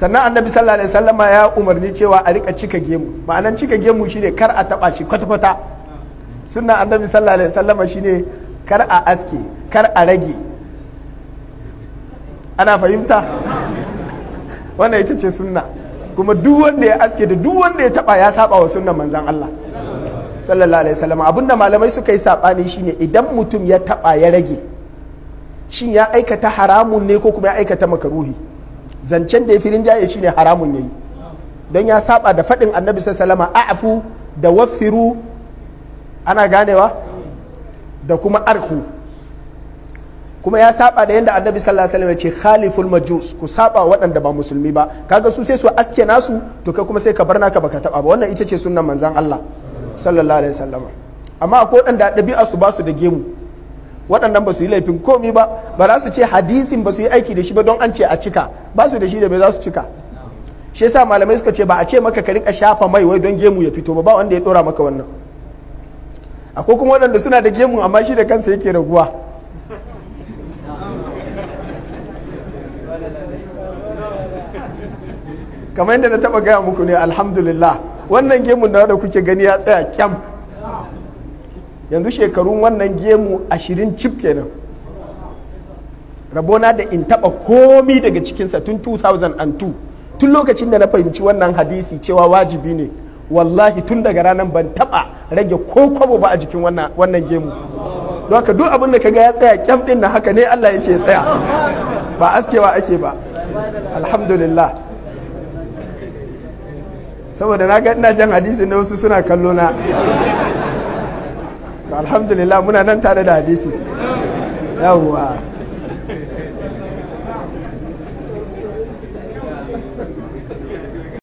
sannan annabi sallallahu alaihi wasallama ya umarni cewa a rika cika gemu ma'anan cika gemu shine kar a taba shi kwata-kwata sunna annabi sallallahu alaihi wasallama shine kar a aske kar a rage ana fahimta wannan ita ce sunna kuma duk wanda ya aske da duk wanda ya taba ya saba wa sunnan manzon Allah sallallahu alaihi wasallam abinda malamai suka yi sabani shine idan mutum ya taba ya rage shin ya aikata haramun ne ko kuma ya aikata makaruhi zancen da ya filin jaye ne haramun yayi don ya saba da faɗin annabi sallama a'afu da wafiru ana ganewa da kuma arhu kuma ya saba da yadda annabi sallallahu alaihi wasallam ya ce khaliful majus ku saba waɗanda ba musulmi ba kaga su sai su aske nasu to kai kuma sai ka bar naka baka taba ba wannan ita ce sunnan manzon Allah sallallahu alaihi wasallam amma akwai waɗanda ɗabi'a su ba su da gemu waɗannan ba su yi laifin komi ba ba za su ce hadisin ba su yi aiki da shi ba don an ce a cika ba su da shi da mai za su cika shi yasa malamai suka ce ba a ce maka ka rinka shafa mai wai don gemu ya fito ba ba wanda ya dora maka wannan akwai kuma waɗanda suna da gemu amma shi da kansa yake raguwa kamar yadda na taɓa gaya muku ne alhamdulillah wannan gemun da kuke gani ya tsaya kyam yanzu shekarun wannan gemu ashirin cif kenan rabona da in taba komi daga cikinsa tun 2002 tun lokacin da na fahimci wannan hadisi cewa wajibi ne wallahi tun daga ranar ban taba rage ko kwabo ba a jikin wannan gemu don haka duk abin da ka ga ya tsaya kyam din na haka ne Allah ya ce tsaya ba askewa ake ba alhamdulillah saboda na ga ina jan hadisi na wasu suna kallo na alhamdulillah muna nan tare da hadisi yawwa